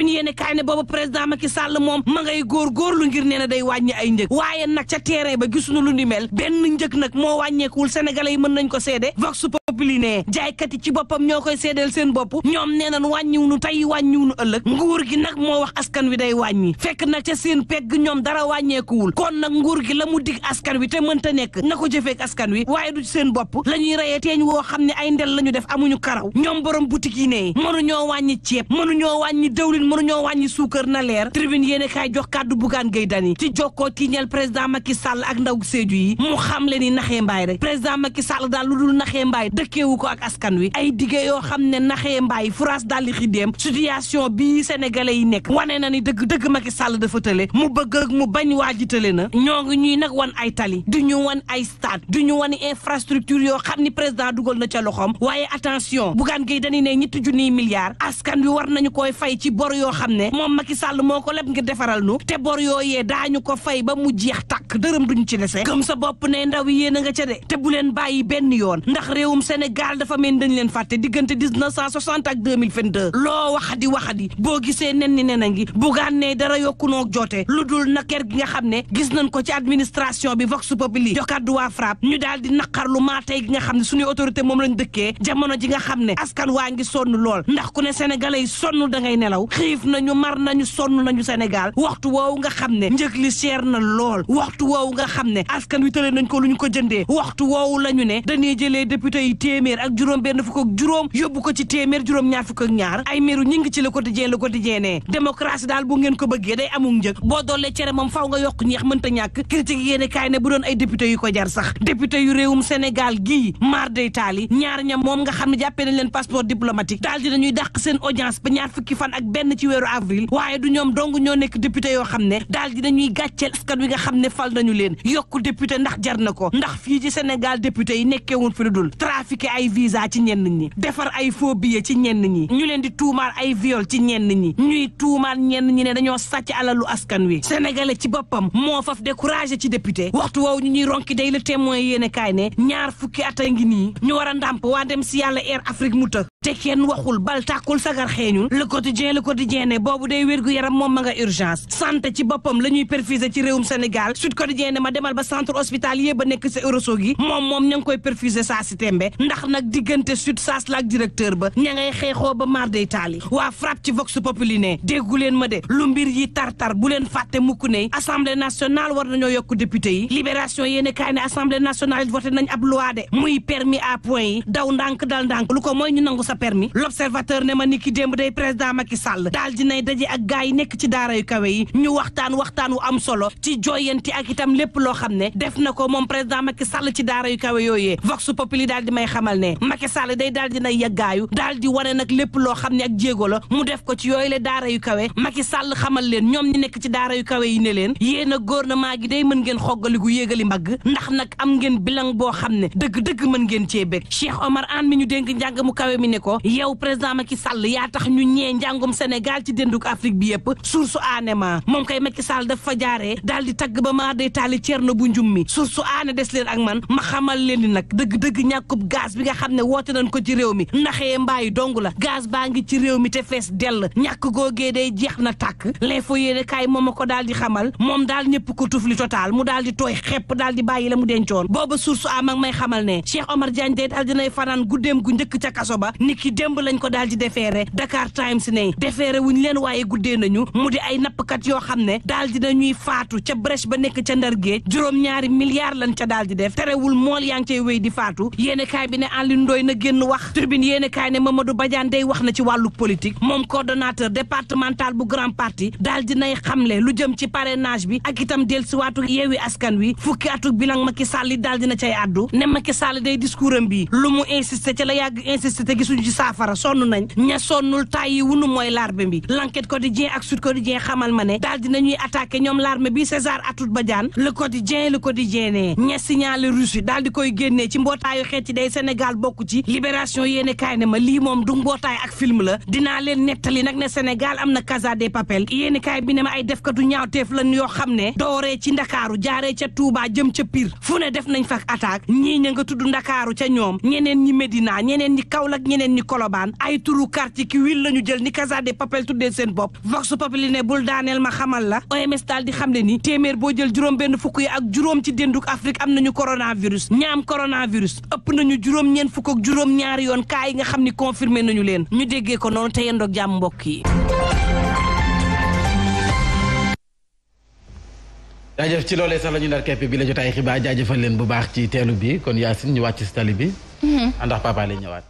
une yéene kaay ne booba président Macky Sall moom ma ngay góorgóorlu ngir nee na day wàññi ay waaye nag ca terrain ba gisuñu lu ni benn njëg nag moo wàññeekuwul sénégalais yi mën nañ ko seede vox populi ne jaaykat yi ci boppam ñoo koy seedeel seen bopp ñoom nee nu wàññiw nu tey wàññiw nu ëllëg nguur gi nag moo wax askan wi day wàññi fekk nag ca seen pegg ñoom dara wàññeekuwul kon nag nguur gi la mu dig askan wi te mënta nekk na ko jëfeek askan wi waaye du seen bopp la ñuy reyee teeñ woo xam ne ay ndel la ñu def amuñu karaw ñoom borom boutique yi ne mënuñoo wàññi ceeb mënuñoo wàññi dëwlin mënuñoo wàññi suukar na leer tribune yéen kaay jox kàddu bugaan gay dani ci jokkoo ci ñel président Macky Sall ak ndaw Sédhiou yi mu xam le ni naxee mbaay rek président Macky Sall daal lu dul naxee mbaay dëkkeewu ko ak askan wi ay diggé yoo xam ne naxee mbaay France daal di xiddeem situation bii sénégalais yi nekk wane na ni dëgg dëgg Macky sàll dafa tële mu bëgg mu bañ waaji tële na ñoo ngi ñuy nag wan ay tali du ñu wan ay stade du ñu wan infrastructure yoo xam ni président dugal na ca loxoom waaye attention bugaan gay dani ne ñetti junniy milliards askan wi war nañu koy fay ci bor yoo xam ne moom Macky Sall moo ko leb ngir defaral nu te bor yooyee daañu ko fay ba mu jeex tàkk lekk dërëm duñ ci dese gëm sa bopp ne ndaw yi yéen a nga ca te bu leen bàyyi benn yoon ndax réewum Sénégal dafa mel dañ leen fàtte diggante 1960 ak 2022 loo wax di wax di boo gisee nen ni nen a ngi bugaan ne dara yokkunoo joote lu dul na ker gi nga xam ne gis nañ ko ci administration bi vox populi jokaddu waa frappe ñu daal di naqarlu maa tey gi nga xam ne suñuy autorité moom lañ dëkkee jamono ji nga xam ne askan waa ngi sonn lool ndax ku ne sénégalais sonn da ngay nelaw xiif nañu mar nañu sonn nañu Sénégal waxtu woowu nga xam ne njëg li seer na lool waxtu woowu nga xam ne askan wi tële nañ ko lu ñu ko jëndee waxtu woowu la ne dañuy jëlee député yi téeméer ak juróom benn fukk ak juróom yóbbu ko ci téeméer juróom ñaar fukk ak ñaar bu doon ay député yu ko jar sax député yu réewum Sénégal gii mar day taali ñaar ña moom nga xam ne jàppee nañ leen passeport diplomatique daal dinañuy dàq seen audience ba ñaar fukki fan ak benn ci weeru avril waaye du ñoom dong ñoo nekk député yoo xam ne daal dinañuy gàcceel fal nañu leen yokku député ndax jar na ko ndax fii ci Sénégal député yi nekkee woon fi lu dul trafiqué ay visa ci ñenn ñi defar ay faux billets ci ñenn ñi ñu leen di tuumaal ay viol ci ñenn ñi ñuy tuumaal ñenn ñi ne dañoo sàcc alalu askan wi sénégalais ci boppam moo faf découragé ci député waxtu woowu ñu ñuy ronki day le témoin yéene kaay ne ñaar fukki at a ngi nii ñu war a ndàmp waa dem si yàlla air Afrique mu të te kenn waxul bal tàkkul sagar xeeñul le quotidien le quotidien ne boobu day wér gu yaram moom ma nga urgence santé ci boppam la ñuy perfuser ci réewum Sénégal sud quotidien ne ma demal ba centre hospitalier ba nekk sa Ourossogui gi moom moom ña ngi koy tembe ndax nag diggante sud saas la ak ba ña ngay ba mar day waa frappe ci vox populi ne déggu ma de lu mbir yi tartar bu leen fàtte mukk ne assemblée nationale war nañoo yokk député yi libération yéene kaay ne assemblée nationale voté nañ ab loi de muy permis à point yi daw ndànk dal ndànk lu ko mooy ñu nangu sa permis l'observateur n ma ni ki démb day président Macky Sall daal dinay daje ak gaay yi nekk ci daara yu kawe yi ñu waxtaan waxtaan wu am solo ci itam lépp loo xam ne def na ko moom président Macky Sall ci daara yu kawe yooyee vox populi daal di may xamal ne Macky Sall day daal di nay yàggaayu daal di wane nag lépp loo xam ne ak jéego la mu def ko ci yooyu le daara yu kawe Macky Sall xamal leen ñoom ñi nekk ci daara yu kawe yi ne leen yéen a gouvernement gi day mën ngeen xoggaligu yéegali mbagg ndax nag am ngeen bilan boo xam ne dëgg-dëgg mën ngeen cee bég Cheikh Omar Anne mi ñu dénk njàng mu kawe mi ne ko yow président Macky Sall yaa tax ñu ñee njàngum Sénégal ci dénduk Afrique bi yëpp source anema moom kay Macky Sall dafa jaaree daal di day taali Thierno bu njum mi suuf su aane des leen ak man ma xamal leen ni nag dëgg-dëgg ñàkkub gaz bi nga xam ne woote nañ ko ci réew mi ndaxee mbaayi dong la gaz baa ngi ci réew mi te fees dell ñàkk googee day jeex na tàkk l'info yéene kaay moom a ko daal di xamal moom daal ñëpp ko tufli total mu daal di tooy xepp daal di bàyyi la mu dencoon booba source am ak may xamal ne Cheikh Omar Diagne day daal dinay fanaan guddeem gu njëkk ca kaso ba ni ki démb lañ ko daal di defeere Dakar Times ne defeere wuñ leen waaye guddee nañu mu di ay nappkat yoo xam ne ba nekk nekk ca ndar géej juróom-ñaari milliards lañ ca daal di def terewul mool yaa ngi cay wéy di faatu yéene kaay bi ne Alioune Ndoye na génn wax tribune yéene kaay ne Mamadou Badiane day wax na ci wàllu politique moom coordonnateur départemental bu grand parti daal nay xamle lu jëm ci parrainage bi ak itam dellusiwaatu yeewi askan wi fukki atuk bi nag Macky Sall daal na cay àddu ne Macky Sall day discours am bi lu mu insisté ca la yàgg insisté te gisuñu ci saafara sonn nañ ña sonnul Tidiane le quotidien le quotidien ne ña signalé Russie daal di koy génnee ci mbootaayu xeet yi Sénégal bokk ci libération yéene kaay ne ma lii moom du mbootaay ak film la dinaa leen nettali nag ne Sénégal am na Casa de Papel yéene kaay bi ne ma ay defkatu ñaawteef lan yoo xam ne dooree ci Ndakaaru jaaree ca Touba jëm ca Pire fu ne def nañ fak attaque ñii ña nga tudd Ndakaaru ca ñoom ñeneen ñi Medina ñeneen ñi Kaolack ñeneen ñi Colobane ay turu quartier ki wil lañu jël ni Casa de Papel tuddee seen bopp la OMS daal di xam ne ni téeméer boo juróom benn fukk yi ak juróom ci dénduk Afrique am nañu coronavirus ñaam coronavirus ëpp nañu juróom ñeen fukk ak juróom ñaari yoon kaa yi nga xam ni confirmé nañu leen ñu déggee ko noonu te yendoog jàmm mbokk yi jaajëf ci loolee sax la ñu nar kepp bi la jotaay xibaar jaajëfal leen bu baax ci teelu bi kon Yacine ñu wàcc ci tali bi. Mm-hmm. ndax papa lay ñëwaat.